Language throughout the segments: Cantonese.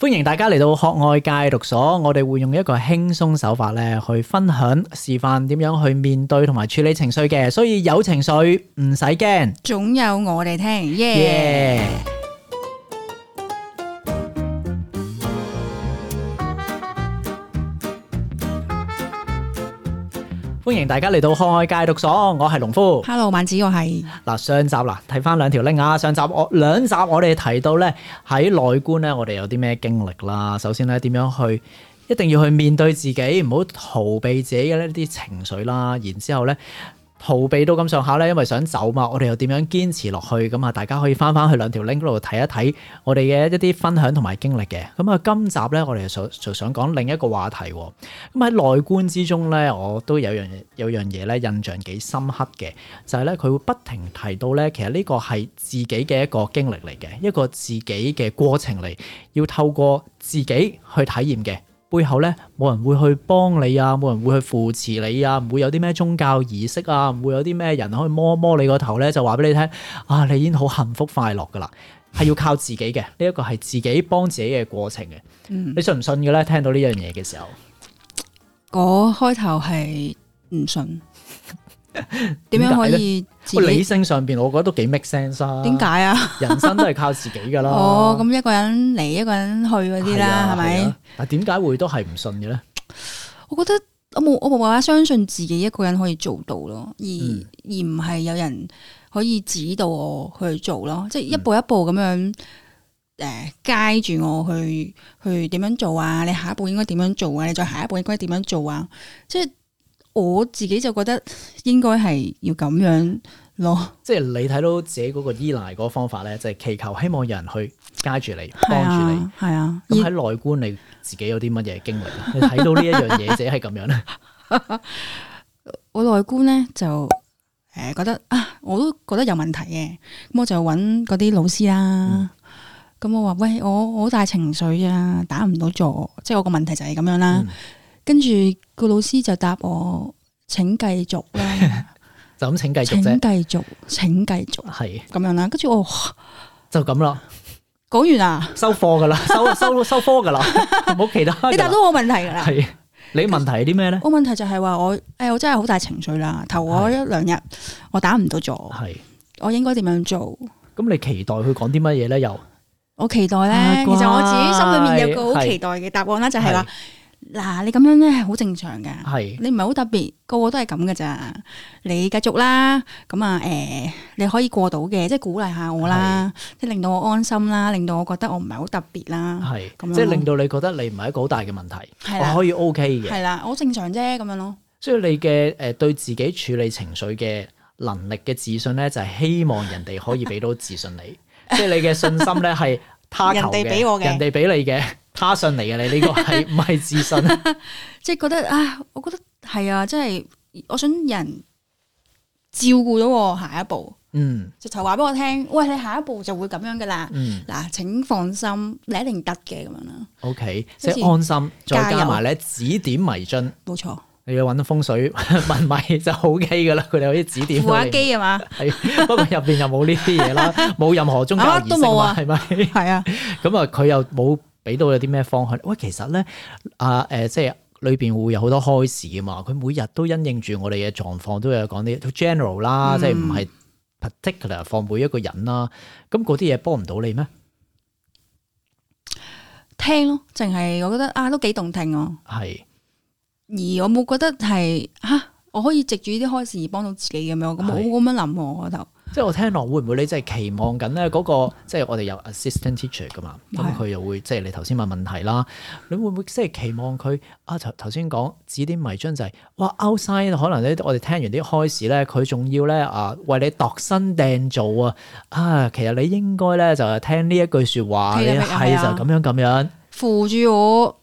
歡迎大家嚟到學外戒毒所，我哋會用一個輕鬆手法咧去分享、示範點樣去面對同埋處理情緒嘅，所以有情緒唔使驚，總有我哋聽。Yeah. Yeah. 歡迎大家嚟到開戒讀所，我係農夫。Hello，晚子，我係嗱上集，嗱睇返兩條 link 啊，上集我兩集我哋提到咧喺內觀咧，我哋有啲咩經歷啦？首先咧，點樣去一定要去面對自己，唔好逃避自己嘅呢啲情緒啦。然之後咧。逃避到咁上下咧，因為想走嘛，我哋又點樣堅持落去？咁啊，大家可以翻翻去兩條 link 度睇一睇我哋嘅一啲分享同埋經歷嘅。咁啊，今集咧，我哋就想講另一個話題。咁喺內觀之中咧，我都有樣有樣嘢咧，印象幾深刻嘅，就係咧佢會不停提到咧，其實呢個係自己嘅一個經歷嚟嘅，一個自己嘅過程嚟，要透過自己去體驗嘅。背後咧，冇人會去幫你啊，冇人會去扶持你啊，唔會有啲咩宗教儀式啊，唔會有啲咩人可以摸摸你個頭咧，就話俾你聽，啊，你已經好幸福快樂噶啦，係要靠自己嘅，呢一個係自己幫自己嘅過程嘅，嗯，你信唔信嘅咧？聽到呢樣嘢嘅時候，我開頭係唔信。 點樣可以自己？理性上邊，我覺得都幾 make sense 啊。點解啊？人生都係靠自己噶啦。哦，咁一個人嚟，一個人去嗰啲啦，係咪、啊？啊、吧但點解會都係唔信嘅咧？我覺得我冇，我冇辦法相信自己一個人可以做到咯，而、嗯、而唔係有人可以指導我去做咯，即係一步一步咁樣誒，指住、嗯、呃、我去去點樣做啊？你下一步應該點樣做啊？你再下一步應該點樣做啊？即係。我自己就覺得應該係要咁樣咯，即係你睇到自己嗰個依賴嗰個方法咧，就係、是、祈求希望有人去加住你，幫住你。係啊，咁喺內觀你自己有啲乜嘢經歷？ 你睇到 呢一樣嘢，者係咁樣咧？我內觀咧就誒覺得啊，我都覺得有問題嘅，咁我就揾嗰啲老師啦。咁、嗯、我話喂，我好大情緒啊，打唔到座，即係我個問題就係咁樣啦。嗯跟住個老師就答我，請繼續啦，就咁請繼續啫。請繼續，請繼續，係咁樣啦。跟住我就咁啦。講完啦，收貨噶啦，收收收科噶啦，冇其他。你答到我問題噶啦。係你問題係啲咩咧？我問題就係話我誒，我真係好大情緒啦。頭嗰一兩日我打唔到坐。係我應該點樣做？咁你期待佢講啲乜嘢咧？又我期待咧，其實我自己心裏面有個好期待嘅答案啦，就係話。嗱，你咁樣咧係好正常噶，你唔係好特別，個個都係咁噶咋。你繼續啦，咁啊，誒，你可以過到嘅，即係鼓勵下我啦，即係令到我安心啦，令到我覺得我唔係好特別啦。係，即係令到你覺得你唔係一個好大嘅問題，我可以 OK 嘅。係啦，好正常啫，咁樣咯。所以你嘅誒，對自己處理情緒嘅能力嘅自信咧，就係希望人哋可以俾到自信你，即係你嘅信心咧係他求嘅，人哋俾我嘅，人哋俾你嘅。他信嚟啊！你呢個係唔係自信？即係覺得啊，我覺得係啊，即係我想人照顧到我下一步。嗯，直頭話俾我聽，喂，你下一步就會咁樣噶啦。嗱，請放心，你一定得嘅咁樣啦。O K，即安心，再加埋咧指點迷津，冇錯。你要揾到風水問埋就好基噶啦。佢哋有啲指點。副駕機啊嘛，係不過入邊又冇呢啲嘢啦，冇任何宗教，都冇啊，係咪？係啊，咁啊，佢又冇。俾到有啲咩方向？喂，其實咧，啊，誒、呃，即係裏邊會有好多開示啊嘛。佢每日都因應住我哋嘅狀況，都有講啲 general 啦，嗯、即係唔係 particular 放每一個人啦。咁嗰啲嘢幫唔到你咩？聽咯，淨係我覺得啊，都幾動聽哦、啊。係。而我冇覺得係吓、啊，我可以藉住呢啲開示而幫到自己咁樣，咁我冇咁樣諗我我頭。即係我聽落，會唔會你真係期望緊咧嗰個？ 即係我哋有 assistant teacher 噶嘛，咁佢又會即係你頭先問問題啦。 你會唔會即係期望佢啊？頭頭先講指點迷津就係、是、哇，outside 可能咧，我哋聽完啲開始咧，佢仲要咧啊，為你度身訂造啊！啊，其實你應該咧就係聽呢一句説話係就咁樣咁樣，這樣扶住我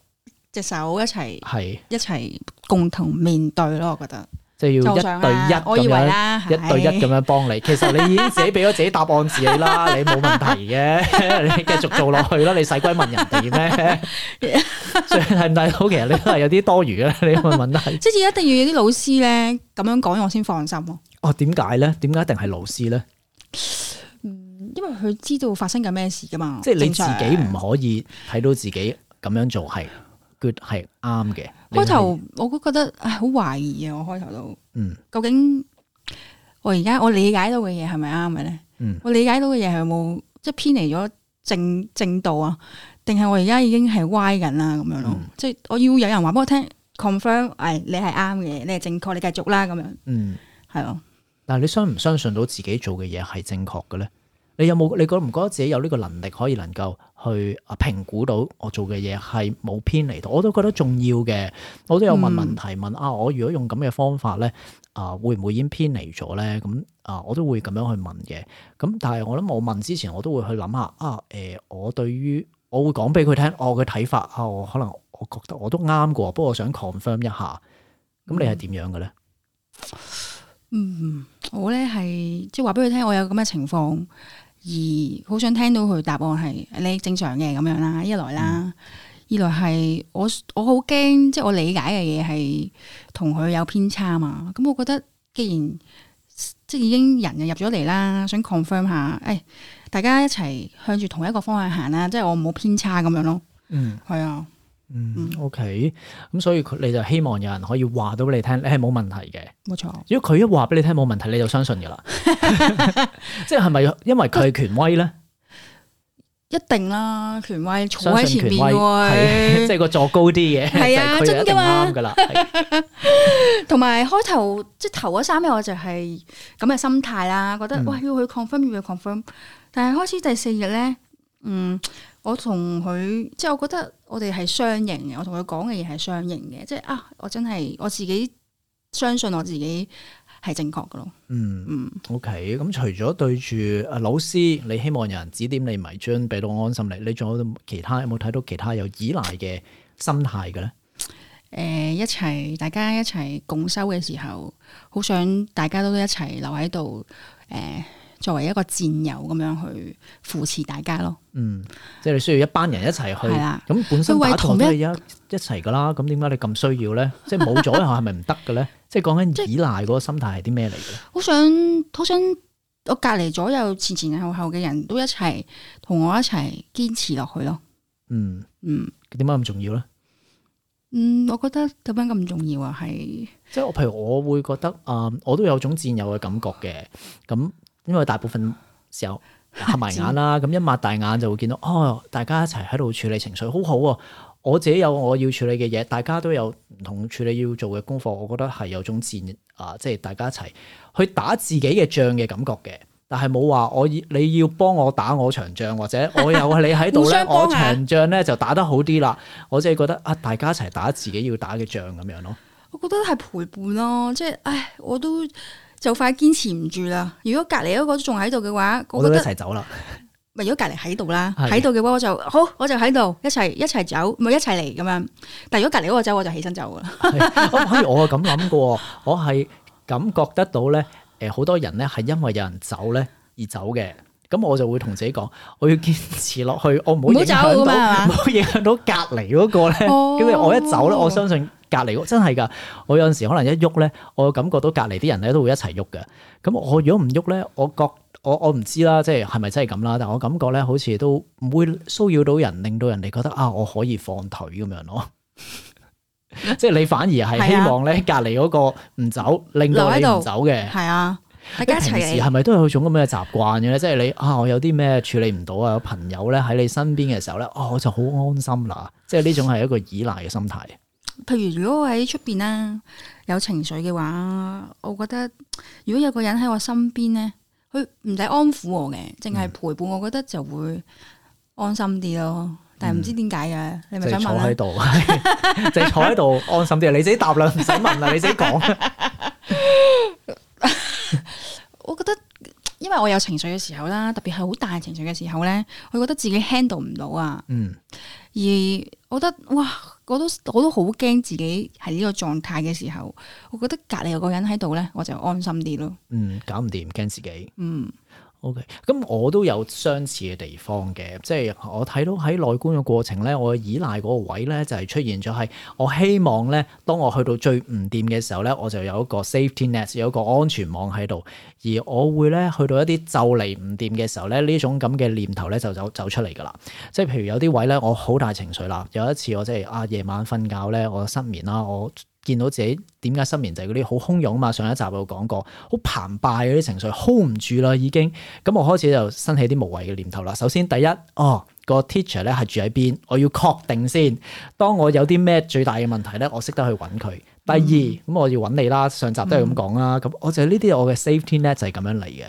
隻手一齊，係的一齊共同面對咯，我覺得。就要一對一咁樣，我以為一對一咁樣幫你。其實你已經自己俾咗自己答案自己啦， 你冇問題嘅。你繼續做落去啦，你使鬼問人哋咩？所以係唔係好？其實你都係有啲多餘嘅。你有冇問題， 即係一定要有啲老師咧咁樣講，我先放心咯。哦，點解咧？點解一定係老師咧？嗯，因為佢知道發生緊咩事噶嘛。即係你自己唔可以睇到自己咁樣做係。Good 係啱嘅。開頭我都覺得唉，好懷疑啊！我開頭都，嗯，究竟我而家我理解到嘅嘢係咪啱嘅咧？嗯，我理解到嘅嘢係冇即係偏離咗正正道啊？定係我而家已經係歪緊啦咁樣咯？嗯，即係我要有人話俾我聽 confirm，誒，你係啱嘅，你係正確，你繼續啦咁樣。嗯，係咯的。但係你相唔相信到自己做嘅嘢係正確嘅咧？你有冇你覺唔覺得自己有呢個能力可以能夠去評估到我做嘅嘢係冇偏離到？我都覺得重要嘅，我都有問問題問啊！我如果用咁嘅方法咧，啊，會唔會已經偏離咗咧？咁啊，我都會咁樣去問嘅。咁但係我諗我問之前，我都會去諗下啊。誒、呃，我對於我會講俾佢聽，我嘅睇法啊，我可能我覺得我都啱嘅喎。不過我想 confirm 一下，咁你係點樣嘅咧？嗯，我咧係即係話俾佢聽，我有咁嘅情況。而好想聽到佢答案係你正常嘅咁樣啦，一來啦，嗯、二來係我我好驚，即係我理解嘅嘢係同佢有偏差嘛。咁我覺得既然即係已經人入咗嚟啦，想 confirm 下，誒，大家一齊向住同一個方向行啦，即係我唔好偏差咁樣咯。嗯，係啊。嗯,嗯，OK，咁所以你就希望有人可以話到俾你聽，你係冇問題嘅。冇錯錯，如果佢一話俾你聽冇問題，你就相信噶啦。 即係係咪因為佢係權威咧？一定啦，權威坐喺前面，即係個坐高啲嘅，係啊，真噶嘛。同埋開頭即係頭嗰三日我就係咁嘅心態啦， 覺得哇、哦、要去 confirm 要 confirm，但係開始第四日咧，嗯。我同佢，即係我覺得我哋係雙贏嘅。我同佢講嘅嘢係雙贏嘅，即係啊！我真係我自己相信我自己係正確嘅咯。嗯嗯，OK 嗯。咁除咗對住啊老師，你希望有人指點你迷津，俾到安心力，你仲有其他有冇睇到其他有依賴嘅心態嘅咧？誒、呃，一齊大家一齊共修嘅時候，好想大家都一齊留喺度誒。呃作為一個戰友咁樣去扶持大家咯，嗯，即係你需要一班人一齊去，係啦的，咁本身打堂都一一齊噶啦，咁點解你咁需要咧？即係冇咗係咪唔得嘅咧？ 即係講緊依賴嗰個心態係啲咩嚟嘅咧？好想好想我隔籬左右前前嘅後後嘅人都一齊同我一齊堅持落去咯，嗯嗯，點解咁重要咧？嗯，我覺得點解咁重要啊，係即係我譬如我會覺得啊、呃，我都有種戰友嘅感覺嘅，咁、嗯。因為大部分時候合埋眼啦，咁 一擘大眼就會見到哦，大家一齊喺度處理情緒，好好啊！我自己有我要處理嘅嘢，大家都有唔同處理要做嘅功課，我覺得係有種自啊，即係大家一齊去打自己嘅仗嘅感覺嘅，但係冇話我你要幫我打我場仗，或者我有你喺度咧， 互相幫我場仗咧就打得好啲啦。我即係覺得啊，大家一齊打自己要打嘅仗咁樣咯。我覺得係陪伴咯、啊，即係唉，我都。就快堅持唔住啦！如果隔籬嗰個仲喺度嘅話，我都一齊走啦。咪如果隔籬喺度啦，喺度嘅話，我就好，我就喺度一齊一齊走，咪一齊嚟，咁樣。但如果隔籬嗰個走，我就起身走噶啦。可唔可以我咁諗噶？我係感覺得到咧，誒，好多人咧係因為有人走咧而走嘅。咁我就會同自己講，我要堅持落去，我唔好走，唔好影響到隔籬嗰個咧。因為我一走咧，我相信。隔離屋真係噶，我有陣時可能一喐咧，我感覺到隔離啲人咧都會一齊喐嘅。咁我如果唔喐咧，我覺我我唔知啦，即係係咪真係咁啦？但我感覺咧，好似都唔會騷擾到人，令到人哋覺得啊，我可以放腿咁樣咯。 即係你反而係希望咧，啊、隔離嗰個唔走，令到你唔走嘅。係啊，平時係咪都係有種咁嘅習慣嘅咧？即係你啊，我有啲咩處理唔到啊？有朋友咧喺你身邊嘅時候咧，哦、啊，我就好安心啦。即係呢種係一個依賴嘅心態。譬如如果我喺出邊啦，有情緒嘅話，我覺得如果有個人喺我身邊咧，佢唔使安撫我嘅，淨係陪伴，我覺得就會安心啲咯。但係唔知點解啊，嗯、你咪想問啦、哎。坐喺度，就坐喺度安心啲啊！你自己答啦，唔使問啦，你自己講。 我覺得。因為我有情緒嘅時候啦，特別係好大情緒嘅時候咧，我覺得自己 handle 唔到啊。嗯，而我覺得哇，我都我都好驚自己喺呢個狀態嘅時候，我覺得隔籬有個人喺度咧，我就安心啲咯。嗯，搞唔掂，驚自己。嗯。O.K.，咁我都有相似嘅地方嘅，即係我睇到喺內觀嘅過程咧，我依賴嗰個位咧就係出現咗，係我希望咧，當我去到最唔掂嘅時候咧，我就有一個 safety net，有個安全網喺度，而我會咧去到一啲就嚟唔掂嘅時候咧，呢種咁嘅念頭咧就走就走出嚟㗎啦。即係譬如有啲位咧，我好大情緒啦。有一次我即係啊夜晚瞓覺咧，我失眠啦，我。見到自己點解失眠就係嗰啲好洶湧嘛，上一集有講過，好澎湃嗰啲情緒 hold 唔住啦，已經。咁我開始就生起啲無謂嘅念頭啦。首先第一，哦、嗰個 teacher 咧係住喺邊，我要確定先。當我有啲咩最大嘅問題咧，我識得去揾佢。第二咁我要揾你啦，上集都係咁講啦。咁、嗯、我就呢啲我嘅 safety net 就係咁樣嚟嘅。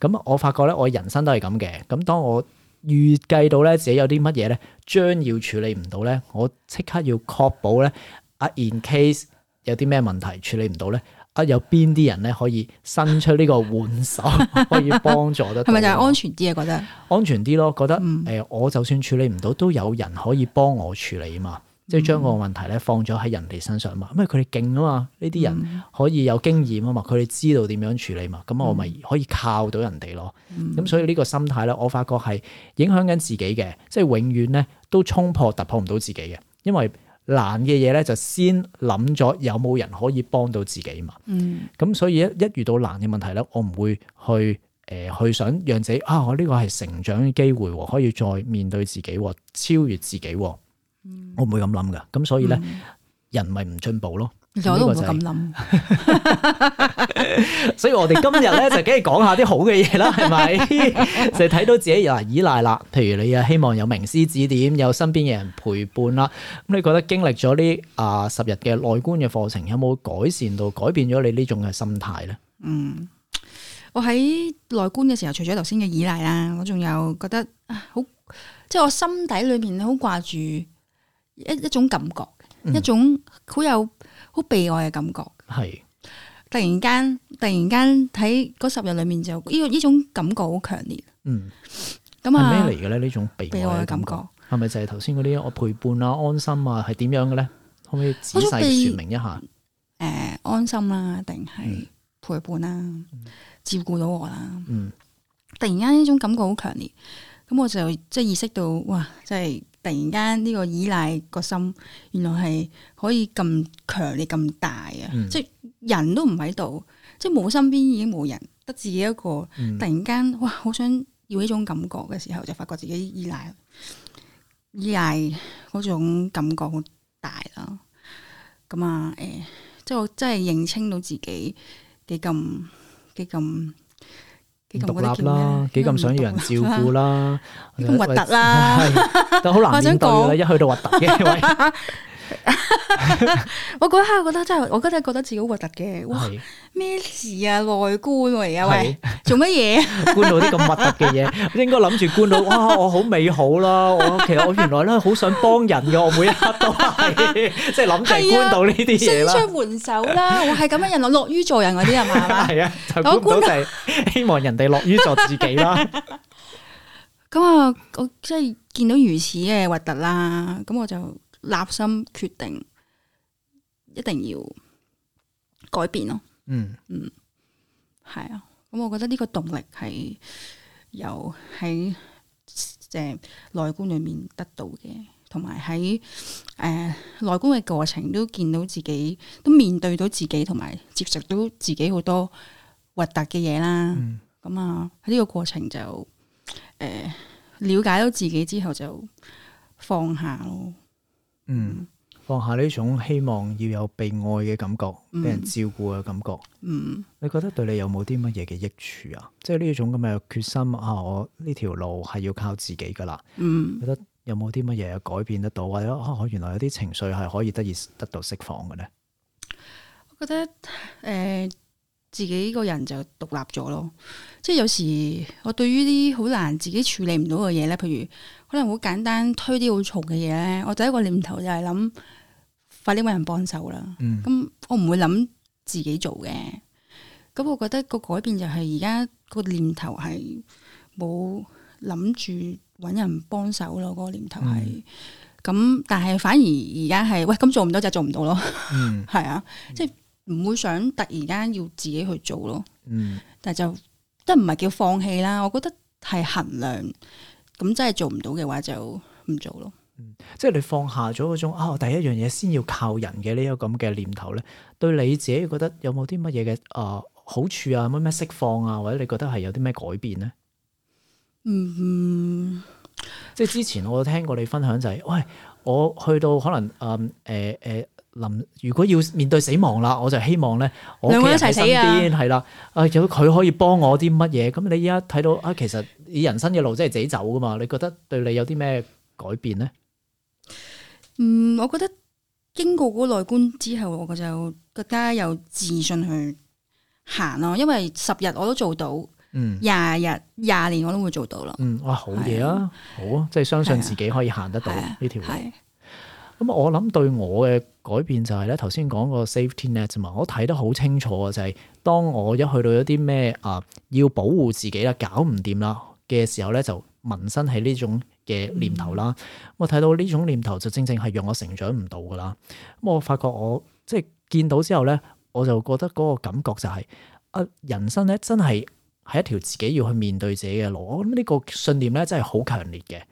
咁、嗯、我發覺咧，我人生都係咁嘅。咁當我預計到咧自己有啲乜嘢咧，將要處理唔到咧，我即刻要確保咧，啊 in case。有啲咩問題處理唔到咧？啊，有邊啲人咧可以伸出呢個援手， 可以幫助得？係咪 就係安全啲啊？覺得安全啲咯，覺得誒、嗯呃，我就算處理唔到，都有人可以幫我處理嘛。嗯、即係將個問題咧放咗喺人哋身上嘛，因為佢哋勁啊嘛，呢啲人可以有經驗啊嘛，佢哋知道點樣處理嘛，咁、嗯、我咪可以靠到人哋咯。咁、嗯、所以呢個心態咧，我發覺係影響緊自己嘅，即係永遠咧都衝破突破唔到自己嘅，因為。難嘅嘢咧，就先諗咗有冇人可以幫到自己嘛。嗯，咁所以一一遇到難嘅問題咧，我唔會去誒、呃、去想讓自己啊，我呢個係成長嘅機會，可以再面對自己，超越自己。嗯，我唔會咁諗噶。咁所以咧，嗯，人咪唔進步咯。我都唔會咁諗，所以我哋今日咧就梗係講下啲好嘅嘢啦，係咪？就睇到自己又依賴啦，譬如你呀希望有名師指點，有身邊嘅人陪伴啦。咁你覺得經歷咗呢啊十日嘅內觀嘅課程，有冇改善到改變咗你呢種嘅心態咧？嗯，我喺內觀嘅時候，除咗頭先嘅依賴啦，我仲有覺得好，即係我心底裏面好掛住一一種感覺。一種好有好被愛嘅感覺，係的突然間突然間喺嗰十日裏面就呢呢種感覺好強烈。嗯，咁係咩嚟嘅咧？呢種被愛嘅感覺係咪就係頭先嗰啲我陪伴啊、安心啊，係點樣嘅咧？可唔可以仔細說明一下？誒、嗯，安心啦，定係陪伴啦、啊，照顧到我啦。嗯，突然間呢種感覺好強烈，咁我就即係、就是、意識到，哇，即、就、係、是。突然間呢個依賴個心，原來係可以咁強烈咁大啊、嗯！即係人都唔喺度，即係冇身邊已經冇人，得自己一個，嗯、突然間哇，好想要呢種感覺嘅時候，就發覺自己依賴，依賴嗰種感覺好大啦。咁啊，誒、欸，即係我真係認清到自己幾咁幾咁獨立啦，幾咁想要人照顧啦，咁核突啦， 喂 都好難面對㗎啦， 想說 一去到核突嘅位。喂 我嗰刻覺得真係，我真係覺得自己好核突嘅。咩事啊？內觀喂，的做乜什嘢？觀 到啲咁核突嘅嘢， 應該諗住觀到哇，我好美好啦。我其實我原來咧好想幫人嘅，我每一刻都係即係諗住觀到呢啲嘢啦， 伸出援手啦。我係咁嘅人，我樂於助人嗰啲人嘛。係啊， 我估就係 希望人哋樂於助自己啦。咁 啊，我即係見到如此嘅核突啦，咁我就。立心決定，一定要改變咯，嗯嗯啊。嗯嗯，係啊。咁我覺得呢個動力係由喺即係內觀裏面得到嘅，同埋喺誒內觀嘅過程都見到自己，都面對到自己，同埋接受到自己好多核突嘅嘢啦。咁、嗯嗯嗯，啊喺呢、這個過程就誒，呃，了解到自己之後就放下咯。嗯，放下呢種希望要有被愛嘅感覺，俾人照顧嘅感覺。嗯，嗯，你覺得對你有冇啲乜嘢嘅益處啊？即係呢種咁嘅決心啊，我呢條路係要靠自己噶啦。嗯，覺得有冇啲乜嘢改變得到，或者啊，原來有啲情緒係可以得以得到釋放嘅咧？我覺得誒。呃自己個人就獨立咗咯，即係有時我對於啲好難自己處理唔到嘅嘢咧，譬如可能好簡單推啲好嘈嘅嘢咧，我第一個念頭就係諗快啲搵人幫手啦。咁、嗯嗯、我唔會諗自己做嘅。咁、嗯、我覺得個改變就係而家個念頭係冇諗住搵人幫手咯，嗰、那個念頭係。咁但係反而而家係，喂，咁做唔到就做唔到咯。係、嗯、 啊，即係、嗯。唔會想突然間要自己去做咯，嗯，但就即係唔係叫放棄啦，我覺得係衡量，咁真係做唔到嘅話就唔做咯。嗯、即係你放下咗嗰種啊，第一樣嘢，先要靠人嘅呢個咁嘅念頭咧，對你自己覺得有冇啲乜嘢嘅啊好處啊，乜咩釋放啊，或者你覺得係有啲咩改變咧、嗯？嗯，即係之前我聽過你分享就係、是，喂，我去到可能誒，誒、嗯，誒、呃。呃林，如果要面對死亡啦，我就希望咧，我一齊死，係啦。啊，有佢可以幫我啲乜嘢？咁你依家睇到啊，其實你人生嘅路真係自己走噶嘛？你覺得對你有啲咩改變咧？嗯，我覺得經過嗰個內觀之後，我就更加有自信去行咯。因為十日我都做到，廿日廿年我都會做到咯、嗯。哇，好嘢啊，哎、呀 好啊，即係相信自己可以行得到呢條路。咁、哎啊啊、我諗對我嘅。改變就係咧，頭先講個 safety net 嘛，我睇得好清楚啊，就係、是、當我去一去到一啲咩啊，要保護自己啦，搞唔掂啦嘅時候咧，就萌生起呢種嘅念頭啦。嗯、我睇到呢種念頭就正正係讓我成長唔到噶啦。咁我發覺我即係見到之後咧，我就覺得嗰個感覺就係、是、啊，人生咧真係係一條自己要去面對自己嘅路。我諗呢個信念咧真係好強烈嘅。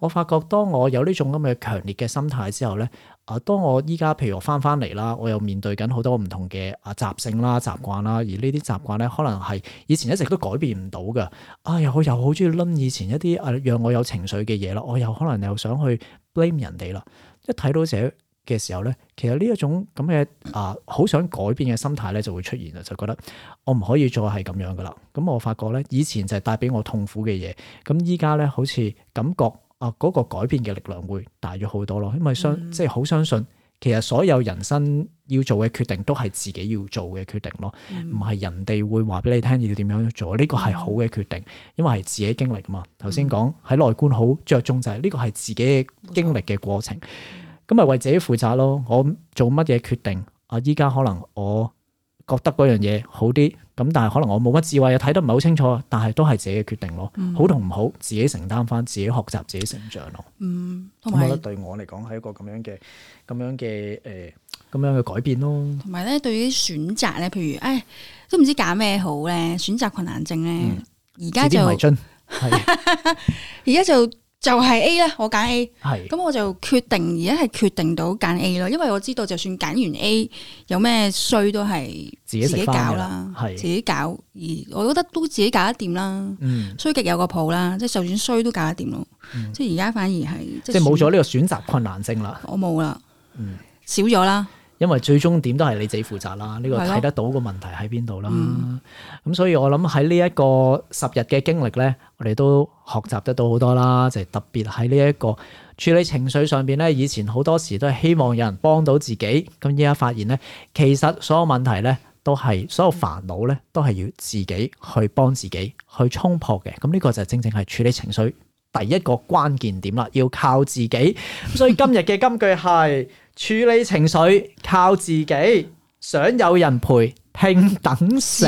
我發覺當我有呢種咁嘅強烈嘅心態之後咧，啊，當我依家譬如話返返嚟啦，我又面對緊好多唔同嘅啊習性啦、習慣啦，而呢啲習慣咧，可能係以前一直都改變唔到㗎。啊、哎，又我又好中意拎以前一啲啊讓我有情緒嘅嘢啦，我又可能又想去 blame 人哋啦。一睇到自己嘅時候咧，其實呢一種咁嘅啊好想改變嘅心態咧就會出現啦，就覺得我唔可以再係咁樣噶啦。咁我發覺咧，以前就係帶俾我痛苦嘅嘢，咁依家咧好似感覺。啊！嗰、這個改變嘅力量會大咗好多咯，因為相、嗯、即係好相信，其實所有人生要做嘅決定都係自己要做嘅決定咯，唔係、嗯、人哋會話俾你聽要點樣去做，呢、這個係好嘅決定，因為係自己經歷嘛。頭先講喺內觀好着重就係、是、呢、這個係自己經歷嘅過程，咁咪錯為自己負責咯。我做乜嘢決定啊？依家可能我。覺得嗰樣嘢好啲，咁但係可能我冇乜智慧啊，睇得唔係好清楚，但係都係自己嘅決定咯，嗯、好同唔好自己承擔翻，自己學習，自己成長咯。嗯，同埋，我覺得對我嚟講係一個咁樣嘅，咁樣嘅，誒、呃，咁樣嘅改變咯。同埋咧，對於啲選擇咧，譬如誒，都唔知揀咩好咧，選擇困難症咧，而家、嗯、就，而家 就。就係 A 啦，我揀 A，咁是我就決定而家係決定到揀 A 咯，因為我知道就算揀完 A 有咩衰都係自己搞啦，係自，自己搞，而我覺得都自己搞得掂啦，衰極、嗯、有個譜啦，即係就算衰都搞得掂咯，嗯、即係而家反而係即係冇咗呢個選擇困難症、嗯、啦，我冇啦，少咗啦。因為最終點都係你自己負責啦，呢、這個睇得到個問題喺邊度啦。咁、嗯、所以我諗喺呢一個十日嘅經歷咧，我哋都學習得到好多啦。就係、是、特別喺呢一個處理情緒上邊咧，以前好多時都係希望有人幫到自己，咁依家發現咧，其實所有問題咧都係所有煩惱咧都係要自己去幫自己去衝破嘅。咁呢個就正正係處理情緒第一個關鍵點啦，要靠自己。所以今日嘅金句係。 處理情緒，靠自己，想有人陪。慶等死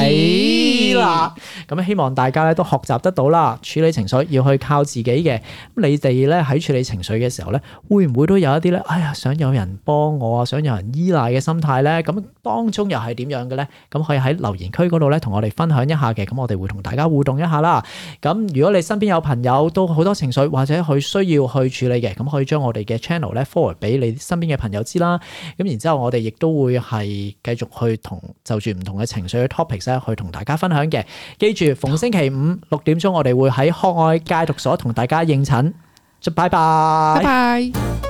啦！咁希望大家咧都學習得到啦，處理情緒要去靠自己嘅。你哋咧喺處理情緒嘅時候咧，會唔會都有一啲咧？哎呀，想有人幫我啊，想有人依賴嘅心態咧？咁當中又係點樣嘅咧？咁可以喺留言區嗰度咧，同我哋分享一下嘅。咁我哋會同大家互動一下啦。咁如果你身邊有朋友都好多情緒或者佢需要去處理嘅，咁可以將我哋嘅 channel 咧 forward 俾你身邊嘅朋友知啦。咁然之後我哋亦都會係繼續去同就住。唔同嘅情緒嘅 topics 去同大家分享嘅。記住，逢星期五六點鐘，我哋會喺學愛戒毒所同大家應診。拜拜，拜拜。